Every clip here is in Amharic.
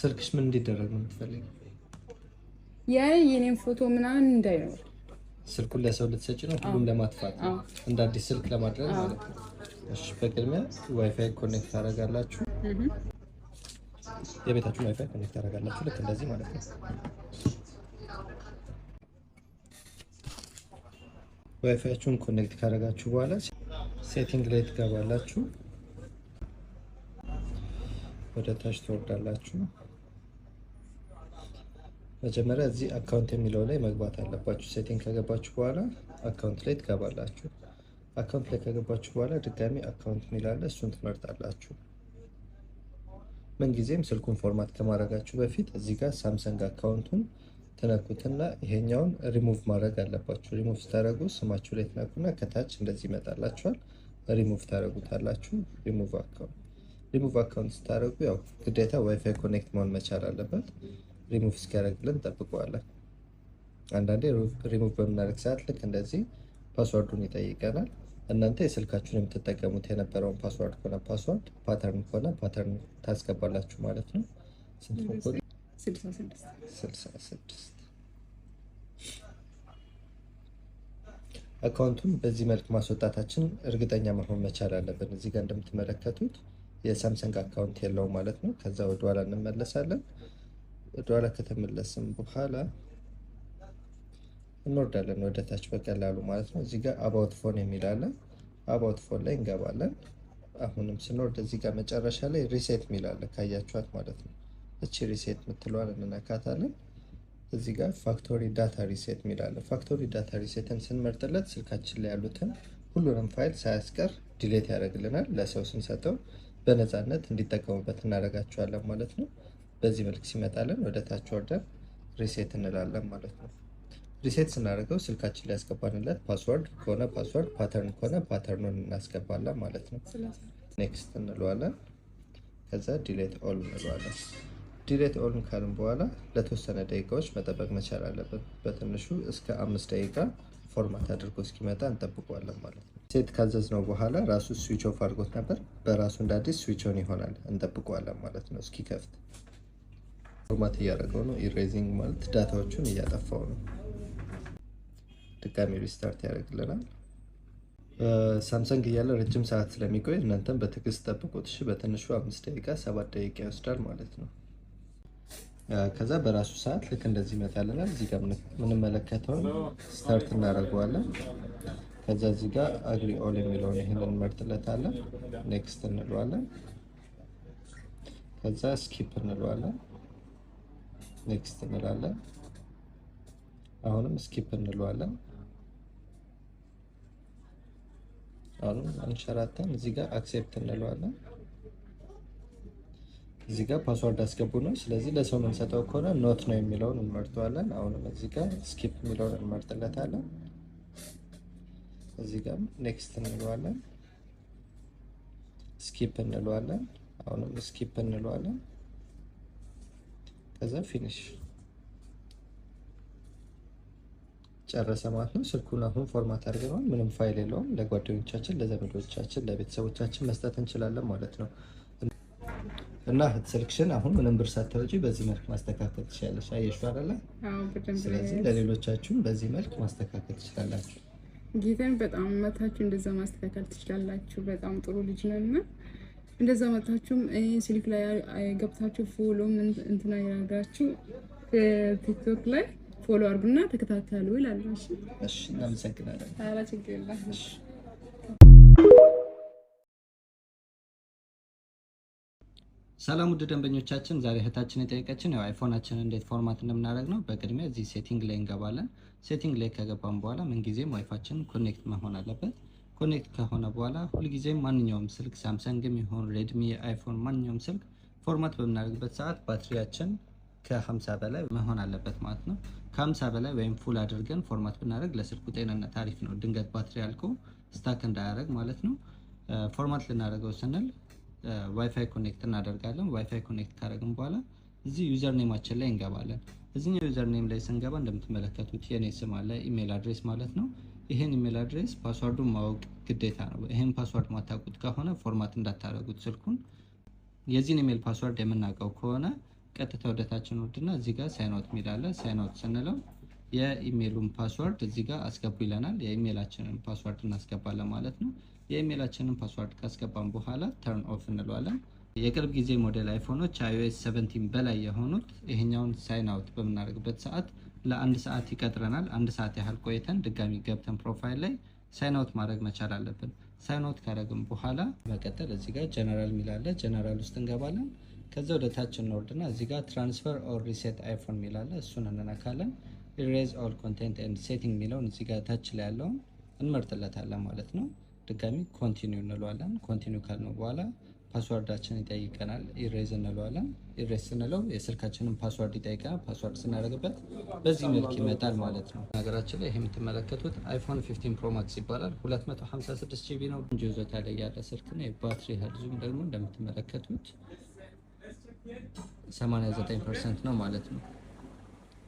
ስልክሽ ምን እንዲደረግ ነው ያ የኔን ፎቶ ምናምን እንዳይኖር ስልኩን ለሰው ልትሰጪ ነው? ሁሉም ለማጥፋት እንደ አዲስ ስልክ ለማድረግ ማለት ነው። እሺ፣ በቅድሚያ ዋይፋይ ኮኔክት ታደርጋላችሁ። የቤታችሁን ዋይፋይ ኮኔክት ታደርጋላችሁ፣ ልክ እንደዚህ ማለት ነው። ዋይፋያችሁን ኮኔክት ካደረጋችሁ በኋላ ሴቲንግ ላይ ትገባላችሁ። ወደ ታች ትወርዳላችሁ። መጀመሪያ እዚህ አካውንት የሚለው ላይ መግባት አለባችሁ። ሴቲንግ ከገባችሁ በኋላ አካውንት ላይ ትገባላችሁ። አካውንት ላይ ከገባችሁ በኋላ ድጋሚ አካውንት የሚላለ እሱን ትመርጣላችሁ። ምንጊዜም ስልኩን ፎርማት ከማድረጋችሁ በፊት እዚህ ጋር ሳምሰንግ አካውንቱን ትነኩትና ይሄኛውን ሪሙቭ ማድረግ አለባችሁ። ሪሙቭ ስታደረጉ ስማችሁ ላይ ትነኩና ከታች እንደዚህ ይመጣላችኋል። ሪሙቭ ታደረጉታላችሁ። ሪሙቭ አካውንት ሪሙቭ አካውንት ስታደረጉ ያው ግዴታ ዋይፋይ ኮኔክት መሆን መቻል አለበት። ሪሙቭ እስኪያደርግልን እንጠብቀዋለን። አንዳንዴ ሪሙቭ በምናደርግ ሰዓት ልክ እንደዚህ ፓስዋርዱን ይጠይቀናል። እናንተ የስልካችሁን የምትጠቀሙት የነበረውን ፓስዋርድ ከሆነ ፓስዋርድ፣ ፓተርን ከሆነ ፓተርን ታስገባላችሁ ማለት ነው። ስንት ነው? ስልሳ ስድስት አካውንቱን በዚህ መልክ ማስወጣታችን እርግጠኛ መሆን መቻል አለብን። እዚህ ጋር እንደምትመለከቱት የሳምሰንግ አካውንት የለውም ማለት ነው። ከዛ ወደኋላ እንመለሳለን። ወደኋላ ከተመለስም በኋላ እንወርዳለን ወደ ታች በቀላሉ ማለት ነው። እዚህ ጋር አባውት ፎን የሚላለን አባውት ፎን ላይ እንገባለን። አሁንም ስንወርድ እዚህ ጋር መጨረሻ ላይ ሪሴት የሚላለ ካያችኋት ማለት ነው። እቺ ሪሴት የምትለዋን እንነካታለን። እዚህ ጋር ፋክቶሪ ዳታ ሪሴት የሚላለ ፋክቶሪ ዳታ ሪሴትን ስንመርጥለት ስልካችን ላይ ያሉትን ሁሉንም ፋይል ሳያስቀር ዲሌት ያደርግልናል። ለሰው ስንሰጠው በነፃነት እንዲጠቀሙበት እናደርጋቸዋለን ማለት ነው። በዚህ መልክ ሲመጣልን ወደ ታች ወርደን ሪሴት እንላለን ማለት ነው። ሪሴት ስናደርገው ስልካችን ላይ ፓስወርድ ከሆነ ፓስወርድ፣ ፓተርን ከሆነ ፓተርኑን እናስገባለን ማለት ነው። ኔክስት እንለዋለን። ከዛ ዲሌት ኦል እንለዋለን። ዲሌት ኦልን ካልን በኋላ ለተወሰነ ደቂቃዎች መጠበቅ መቻል አለብን። በትንሹ እስከ አምስት ደቂቃ ፎርማት አድርጎ እስኪመጣ እንጠብቀዋለን ማለት ነው። ሴት ካዘዝ ነው በኋላ ራሱ ስዊች ኦፍ አድርጎት ነበር። በራሱ እንዳዲስ ስዊች ኦን ይሆናል። እንጠብቀዋለን ማለት ነው እስኪከፍት ፎርማት እያደረገው ነው። ኢሬዚንግ ማለት ዳታዎቹን እያጠፋው ነው። ድጋሚ ሪስታርት ያደርግልናል። ሳምሰንግ እያለ ረጅም ሰዓት ስለሚቆይ እናንተም በትዕግስት ጠብቁት። እሺ በትንሹ አምስት ደቂቃ ሰባት ደቂቃ ይወስዳል ማለት ነው። ከዛ በራሱ ሰዓት ልክ እንደዚህ ይመጣልናል። እዚህ ጋር የምንመለከተውን ስታርት እናደርገዋለን። ከዛ እዚህ ጋር አግሪ ኦል የሚለውን ይህን እንመርጥለታለን። ኔክስት እንለዋለን። ከዛ ስኪፕ እንለዋለን። ኔክስት እንላለን። አሁንም ስኪፕ እንለዋለን። አሁንም አንሸራተን እዚህ ጋር አክሴፕት እንለዋለን። እዚህ ጋር ፓስወርድ አስገቡ ነው። ስለዚህ ለሰው የምንሰጠው ከሆነ ኖት ነው የሚለውን እንመርጠዋለን። አሁንም እዚህ ጋር ስኪፕ የሚለውን እንመርጥለታለን። እዚህ ጋር ኔክስት እንለዋለን። ስኪፕ እንለዋለን። አሁንም ስኪፕ እንለዋለን። ከዚ ፊኒሽ ጨረሰ ማለት ነው። ስልኩን አሁን ፎርማት አድርገነዋል። ምንም ፋይል የለውም። ለጓደኞቻችን፣ ለዘመዶቻችን፣ ለቤተሰቦቻችን መስጠት እንችላለን ማለት ነው። እና ስልክሽን አሁን ምንም ብር ሳታወጪ በዚህ መልክ ማስተካከል ትችላለች። አየሽው አለ። ስለዚህ ለሌሎቻችሁም በዚህ መልክ ማስተካከል ትችላላችሁ። ጌታን በጣም መታችሁ እንደዛ ማስተካከል ትችላላችሁ። በጣም ጥሩ ልጅ ነን። እንደዛ መጣችሁም ስልክ ላይ ገብታችሁ ፎሎ እንትና ያደርጋችሁ ቲክቶክ ላይ ፎሎ አርጉና ተከታተሉ ይላሉ። እሺ፣ እናመሰግናለን። ኧረ ችግር የለም። ሰላም ውድ ደንበኞቻችን፣ ዛሬ እህታችን የጠየቀችን ያው አይፎናችንን እንዴት ፎርማት እንደምናደርግ ነው። በቅድሚያ እዚህ ሴቲንግ ላይ እንገባለን። ሴቲንግ ላይ ከገባን በኋላ ምንጊዜም ዋይፋችን ኮኔክት መሆን አለበት። ኮኔክት ከሆነ በኋላ ሁልጊዜ ማንኛውም ስልክ ሳምሰንግም ይሁን ሬድሚ፣ አይፎን ማንኛውም ስልክ ፎርማት በምናደርግበት ሰዓት ባትሪያችን ከ50 በላይ መሆን አለበት ማለት ነው። ከ50 በላይ ወይም ፉል አድርገን ፎርማት ብናደርግ ለስልኩ ጤንነት አሪፍ ነው። ድንገት ባትሪ አልቆ ስታክ እንዳያደርግ ማለት ነው። ፎርማት ልናደርገው ስንል ዋይፋይ ኮኔክት እናደርጋለን። ዋይፋይ ኮኔክት ካደረግን በኋላ እዚህ ዩዘር ኔማችን ላይ እንገባለን። እዚህኛው ዩዘር ኔም ላይ ስንገባ እንደምትመለከቱት የኔ ስም አለ፣ ኢሜል አድሬስ ማለት ነው ይህን ኢሜል አድሬስ ፓስዋርዱን ማወቅ ግዴታ ነው። ይህን ፓስዋርድ ማታውቁት ከሆነ ፎርማት እንዳታደረጉት ስልኩን። የዚህን ኢሜል ፓስዋርድ የምናውቀው ከሆነ ቀጥታ ወደታችን ውድና እዚህ ጋር ሳይንወት ሚል አለ። ስንለው የኢሜሉን ፓስዋርድ እዚህ ጋር አስገቡ ይለናል። የኢሜላችንን ፓስዋርድ እናስገባለን ማለት ነው። የኢሜላችንን ፓስዋርድ ካስገባን በኋላ ተርን ኦፍ እንለዋለን። የቅርብ ጊዜ ሞዴል አይፎኖች አይኦኤስ 17 በላይ የሆኑት ይህኛውን ሳይን አውት በምናደርግበት ሰዓት ለአንድ ሰዓት ይቀጥረናል። አንድ ሰዓት ያህል ቆይተን ድጋሚ ገብተን ፕሮፋይል ላይ ሳይንአውት ማድረግ መቻል አለብን። ሳይንአውት ካደረግን በኋላ በቀጠል እዚህ ጋር ጀነራል ሚላለ ጀነራል ውስጥ እንገባለን። ከዚ ወደ ታች እንወርድና እዚህ ጋር ትራንስፈር ኦር ሪሴት አይፎን ሚላለ እሱን እንነካለን። ኢሬዝ ኦል ኮንቴንት ኤንድ ሴቲንግ የሚለውን እዚህ ጋር ታች ላይ ያለውን እንመርጥለታለን ማለት ነው። ድጋሚ ኮንቲኒው እንለዋለን። ኮንቲኒው ካልነው በኋላ ፓስዋርዳችን ይጠይቀናል። ኢሬዝ እንለዋለን። ኢሬዝ ስንለው የስልካችንን ፓስዋርድ ይጠይቀናል። ፓስዋርድ ስናደርግበት በዚህ መልክ ይመጣል ማለት ነው። ነገራችን ላይ ይህ የምትመለከቱት አይፎን 15 ፕሮማክስ ይባላል። 256 ጂቢ ነው እንጂ ይዞታ ላይ ያለ ስልክ ነው። የባትሪ ሄልዙም ደግሞ እንደምትመለከቱት 89 ፐርሰንት ነው ማለት ነው።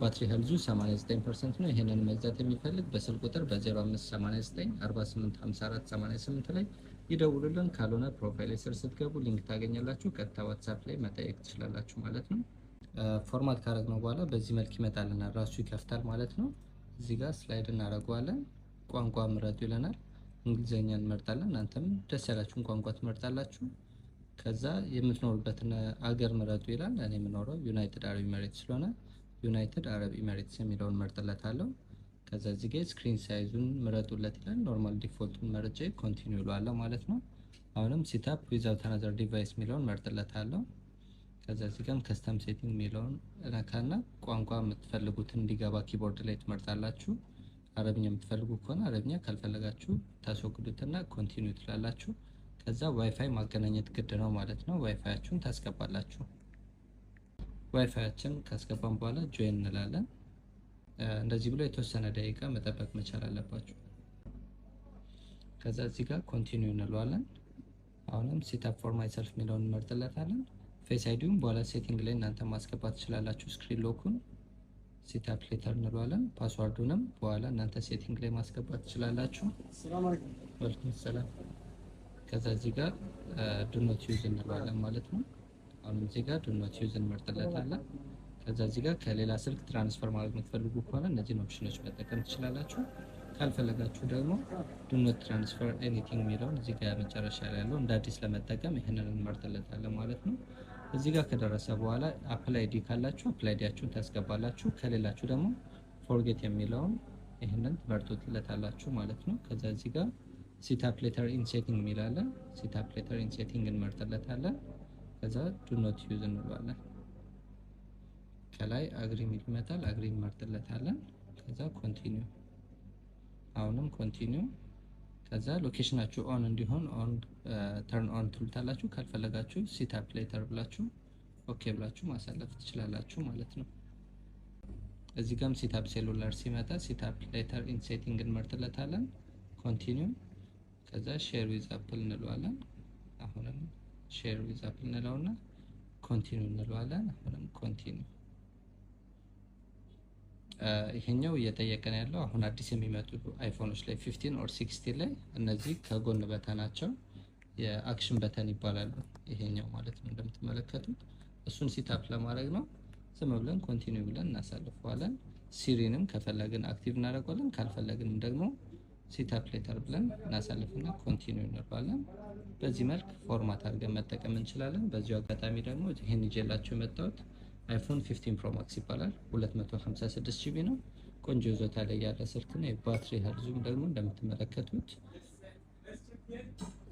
ባትሪ ሄልዙ 89 ፐርሰንት ነው። ይህንን መግዛት የሚፈልግ በስልክ ቁጥር በ0589 4854 88 ላይ ይደውሉልን። ካልሆነ ፕሮፋይል ስር ስትገቡ ሊንክ ታገኛላችሁ። ቀጥታ ዋትሳፕ ላይ መጠየቅ ትችላላችሁ ማለት ነው። ፎርማት ካረግነው በኋላ በዚህ መልክ ይመጣልናል። ራሱ ይከፍታል ማለት ነው። እዚህ ጋር ስላይድ እናደርገዋለን። ቋንቋ ምረጡ ይለናል። እንግሊዝኛ እንመርጣለን። እናንተም ደስ ያላችሁን ቋንቋ ትመርጣላችሁ። ከዛ የምትኖሩበትን አገር ምረጡ ይላል። እኔ የምኖረው ዩናይትድ አረብ ኤሜሬትስ ስለሆነ ዩናይትድ አረብ ኤሜሬትስ የሚለውን መርጥለታለሁ። ከዛ እዚህ ጋር ስክሪን ሳይዙን ምረጡለት ይላል። ኖርማል ዲፎልቱን መርጬ ኮንቲኒው ይለዋለሁ ማለት ነው። አሁንም ሲታፕ ዊዛውት አናዘር ዲቫይስ የሚለውን መርጥለታለሁ። ከዛ እዚህ ጋርም ከስተም ሴቲንግ የሚለውን ነካና ቋንቋ የምትፈልጉት እንዲገባ ኪቦርድ ላይ ትመርጣላችሁ። አረብኛ የምትፈልጉ ከሆነ አረብኛ፣ ካልፈለጋችሁ ታስወግዱትና ኮንቲኒው ትላላችሁ። ከዛ ዋይፋይ ማገናኘት ግድ ነው ማለት ነው። ዋይፋያችሁን ታስገባላችሁ። ዋይፋያችን ካስገባን በኋላ ጆይን እንላለን። እንደዚህ ብሎ የተወሰነ ደቂቃ መጠበቅ መቻል አለባቸው ከዛ እዚህ ጋር ኮንቲኒው እንለዋለን። አሁንም ሴታፕ ፎር ማይሰልፍ የሚለውን እንመርጥለታለን። ፌስ አይዲውም በኋላ ሴቲንግ ላይ እናንተ ማስገባት ትችላላችሁ። ስክሪን ሎኩን ሴታፕ ሌተር እንለዋለን። ፓስዋርዱንም በኋላ እናንተ ሴቲንግ ላይ ማስገባት ትችላላችሁ። ወልኩም ሰላም። ከዛ እዚህ ጋር ዱኖት ዩዝ እንለዋለን ማለት ነው። አሁንም እዚህ ጋር ዱኖት ዩዝ እንመርጥለታለን። ከዛ እዚህ ጋር ከሌላ ስልክ ትራንስፈር ማድረግ የምትፈልጉ ከሆነ እነዚህን ኦፕሽኖች መጠቀም ትችላላችሁ። ካልፈለጋችሁ ደግሞ ዱኖት ትራንስፈር ኤኒቲንግ የሚለውን እዚህ ጋር መጨረሻ ላይ ያለው እንደ አዲስ ለመጠቀም ይህንን እንመርጥለታለን ማለት ነው። እዚህ ጋር ከደረሰ በኋላ አፕል አይዲ ካላችሁ አፕላይ ታስገባላችሁ። ከሌላችሁ ደግሞ ፎርጌት የሚለውን ይህንን ትመርጡለታላችሁ ማለት ነው። ከዛ እዚህ ጋር ሲታፕ ሌተር ኢንሴቲንግ የሚላለን ሲታፕ ሌተር ኢንሴቲንግ እንመርጥለታለን። ከዛ ዱኖት ዩዝ እንለዋለን። ከላይ አግሪ ሚል ይመጣል። አግሪ እንመርጥለታለን። ከዛ ኮንቲኒው፣ አሁንም ኮንቲኒው። ከዛ ሎኬሽናችሁ ኦን እንዲሆን ኦን ተርን ኦን ትሉታላችሁ። ካልፈለጋችሁ ሲታፕ ሌተር ብላችሁ ኦኬ ብላችሁ ማሳለፍ ትችላላችሁ ማለት ነው። እዚህ ጋም አፕ ሴሉላር ሲመጣ አፕ ሌተር ኢን ሴቲንግ እንመርጥለታለን። ኮንቲኒው ከዛ ሼር ዊዝ አፕል እንለዋለን። አሁንም ሼር ዊዝ አፕል እንለውና ኮንቲኒው እንለዋለን። አሁንም ኮንቲኒው ይሄኛው እየጠየቀን ያለው አሁን አዲስ የሚመጡ አይፎኖች ላይ ፊፍቲን ኦር ሲክስቲን ላይ እነዚህ ከጎን በተናቸው የአክሽን በተን ይባላሉ። ይሄኛው ማለት ነው እንደምትመለከቱ እሱን ሲታፕ ለማድረግ ነው። ዝም ብለን ኮንቲኒው ብለን እናሳልፈዋለን። ሲሪንም ከፈለግን አክቲቭ እናደርገዋለን፣ ካልፈለግንም ደግሞ ሲታፕ ሌተር ብለን እናሳልፍና ኮንቲኒው እንባለን። በዚህ መልክ ፎርማት አድርገን መጠቀም እንችላለን። በዚሁ አጋጣሚ ደግሞ ይህን ይዤላችሁ የመጣሁት አይፎን 15 ፕሮ ማክስ ይባላል። 256 ጂቢ ነው። ቆንጆ ይዞታ ላይ ያለ ስልክ ነው። የባትሪ ሄልዙም ደግሞ እንደምትመለከቱት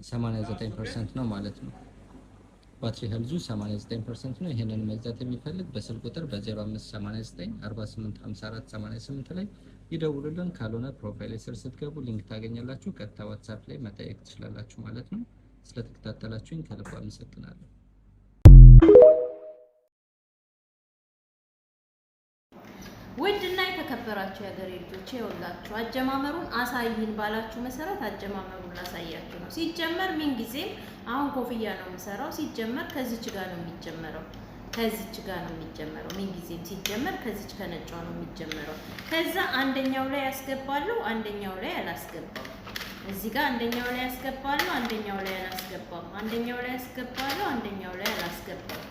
89% ነው ማለት ነው። ባትሪ ሄልዙ 89% ነው። ይሄንን መግዛት የሚፈልግ በስልክ ቁጥር በ0589485488 ላይ ይደውሉልን። ካልሆነ ፕሮፋይል ስር ስትገቡ ሊንክ ታገኛላችሁ። ቀጥታ ዋትሳፕ ላይ መጠየቅ ትችላላችሁ ማለት ነው። ስለተከታተላችሁኝ ከልብ አመሰግናለሁ። ውድ እና የተከበራችሁ የሀገሬ ልጆች ይኸውላችሁ አጀማመሩን አሳይን ባላችሁ መሰረት አጀማመሩን ላሳያችሁ ነው። ሲጀመር ምን ጊዜም አሁን ኮፍያ ነው የምሰራው። ሲጀመር ከዚች ጋር ነው የሚጀመረው። ከዚች ጋር ነው የሚጀመረው። ምን ጊዜም ሲጀመር ከዚች ከነጯ ነው የሚጀመረው። ከዛ አንደኛው ላይ ያስገባለሁ፣ አንደኛው ላይ አላስገባም። እዚህ ጋር አንደኛው ላይ ያስገባለሁ፣ አንደኛው ላይ አላስገባም። አንደኛው ላይ ያስገባለሁ፣ አንደኛው ላይ አላስገባም።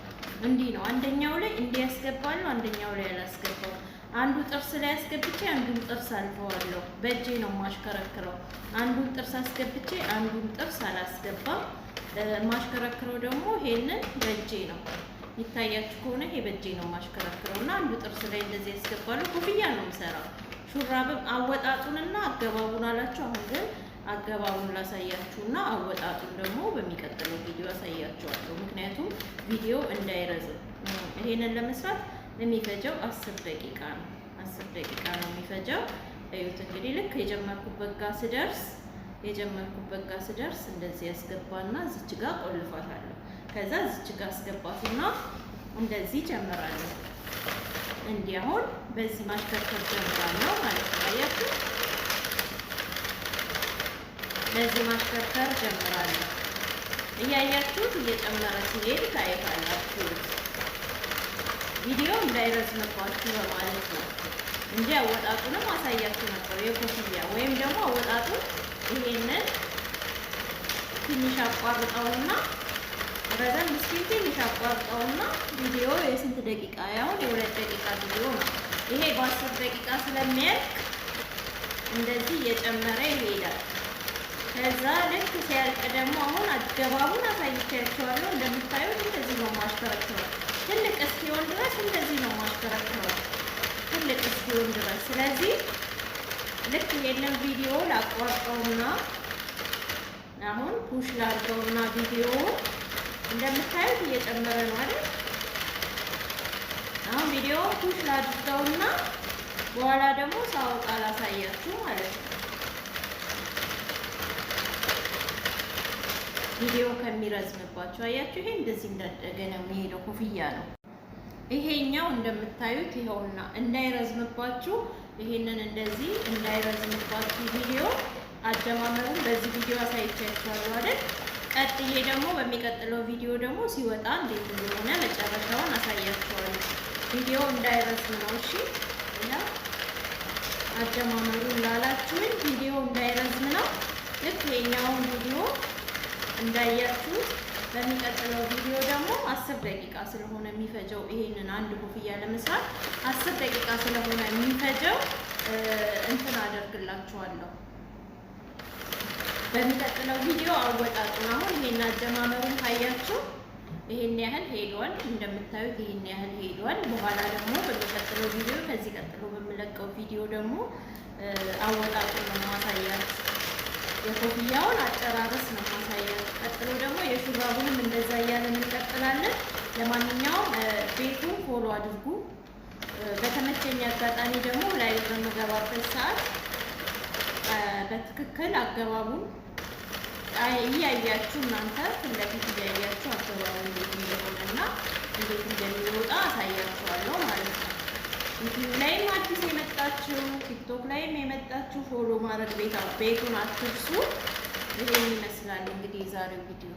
እንዲህ ነው። አንደኛው ላይ እንዲህ ያስገባለሁ፣ አንደኛው ላይ አላስገባም። አንዱ ጥርስ ላይ አስገብቼ አንዱን ጥርስ አልፈዋለሁ። በእጄ ነው ማሽከረክረው። አንዱን ጥርስ አስገብቼ አንዱን ጥርስ አላስገባም። ማሽከረክረው ደግሞ ይሄንን በእጄ ነው። ይታያችሁ ከሆነ ይሄ በእጄ ነው ማሽከረክረው እና አንዱ ጥርስ ላይ እንደዚህ ያስገባለሁ። ኮፍያ ነው የምሰራው። ሹራብም አወጣጡንና አገባቡን አላችሁ። አሁን ግን አገባቡን ላሳያችሁና አወጣጡን ደግሞ በሚቀጥለው ቪዲዮ አሳያችኋለሁ። ምክንያቱም ቪዲዮ እንዳይረዝም ይሄንን ለመስራት የሚፈጀው አስር ደቂቃ ነው። አስር ደቂቃ ነው የሚፈጀው። እዩት እንግዲህ ልክ የጀመርኩበት ጋ ስደርስ የጀመርኩበት ጋ ስደርስ እንደዚህ ያስገባና እዚች ጋ ቆልፋታለሁ። ከዛ እዚች ጋ አስገባትና እንደዚህ ጀምራለሁ። እንዲህ አሁን በዚህ ማሽከርከር ጀምራለሁ ማለት ነው። አያችሁ፣ በዚህ ማሽከርከር ጀምራለሁ። እያያችሁት እየጨመረ ሲሄድ ታይታላችሁ። ቪዲዮ እንዳይረዝምባችሁ በማለት ነው እንጂ አወጣጡንም አሳያችሁ ነበር። የኮፍያ ወይም ደግሞ አወጣጡ ይሄንን ትንሽ አቋርጠውና ረዘም እስኪል ትንሽ አቋርጠውና ቪዲዮ የስንት ደቂቃ ያሁን የሁለት ደቂቃ ቪዲዮ ነው ይሄ። በአስር ደቂቃ ስለሚያልቅ እንደዚህ እየጨመረ ይሄዳል። ከዛ ልክ ሲያልቅ ደግሞ አሁን አገባቡን አሳይቻችኋለሁ። እንደምታዩት እንደዚህ ነው ማሽከረክረ ራሱ እንደዚህ ነው ማሽከረክረው ትልቅ እስኪሆን ድረስ። ስለዚህ ልክ የለም ቪዲዮ ላቋርጠውና አሁን ፑሽ ላድርገውና ቪዲዮ እንደምታዩት እየጨመረ ነው አይደል? አሁን ቪዲዮ ፑሽ ላድርገውና በኋላ ደግሞ ሳወጣ ላሳያችሁ ማለት ነው። ቪዲዮ ከሚረዝምባቸው አያችሁ፣ ይሄ እንደዚህ እንዳደገ ነው የሚሄደው። ኮፍያ ነው ይሄኛው እንደምታዩት ይኸውና፣ እንዳይረዝምባችሁ ይሄንን እንደዚህ እንዳይረዝምባችሁ ቪዲዮ አጀማመሩን በዚህ ቪዲዮ አሳይቻችኋለሁ አይደል? ቀጥዬ ደግሞ በሚቀጥለው ቪዲዮ ደግሞ ሲወጣ እንዴት እንደሆነ መጨረሻውን አሳያችኋለሁ። ቪዲዮ እንዳይረዝም ነው እሺ። እና አጀማመሩን ላላችሁኝ ቪዲዮ እንዳይረዝም ነው። ልክ ይሄኛውን ቪዲዮ እንዳያችሁት በሚቀጥለው ቪዲዮ ደግሞ አስር ደቂቃ ስለሆነ የሚፈጀው ይሄንን አንድ ኮፍያ ለመስራት አስር ደቂቃ ስለሆነ የሚፈጀው እንትን አደርግላችኋለሁ። በሚቀጥለው ቪዲዮ አወጣጡን አሁን ይሄን አጀማመሩን ካያችሁ ይሄን ያህል ሄዷል። እንደምታዩት ይሄን ያህል ሄዷል። በኋላ ደግሞ በሚቀጥለው ቪዲዮ ከዚህ ቀጥሎ በምለቀው ቪዲዮ ደግሞ አወጣጡን ነው ማሳያችሁ። የኮፍያውን አጨራረስ ነው ማሳየው። ቀጥሎ ደግሞ የሹራቡንም እንደዛ እያለን እንቀጥላለን። ለማንኛውም ቤቱ ፎሎ አድርጉ። በተመቸኝ አጋጣሚ ደግሞ ላይ በምገባበት ሰዓት በትክክል አገባቡን እያያችሁ እናንተ ፊትለፊት እያያችሁ አገባቡ እንዴት እንደሆነ እና እንዴት እንደሚወጣ አሳያችኋለሁ ማለት ነው። ላይም አዲስ የመጣችሁ ቲክቶክ ላይም የመጣችሁ ፎሎ ማድረግ ቤቱን አትርሱ። ይመስላል እንግዲህ የዛሬው ቪዲዮ።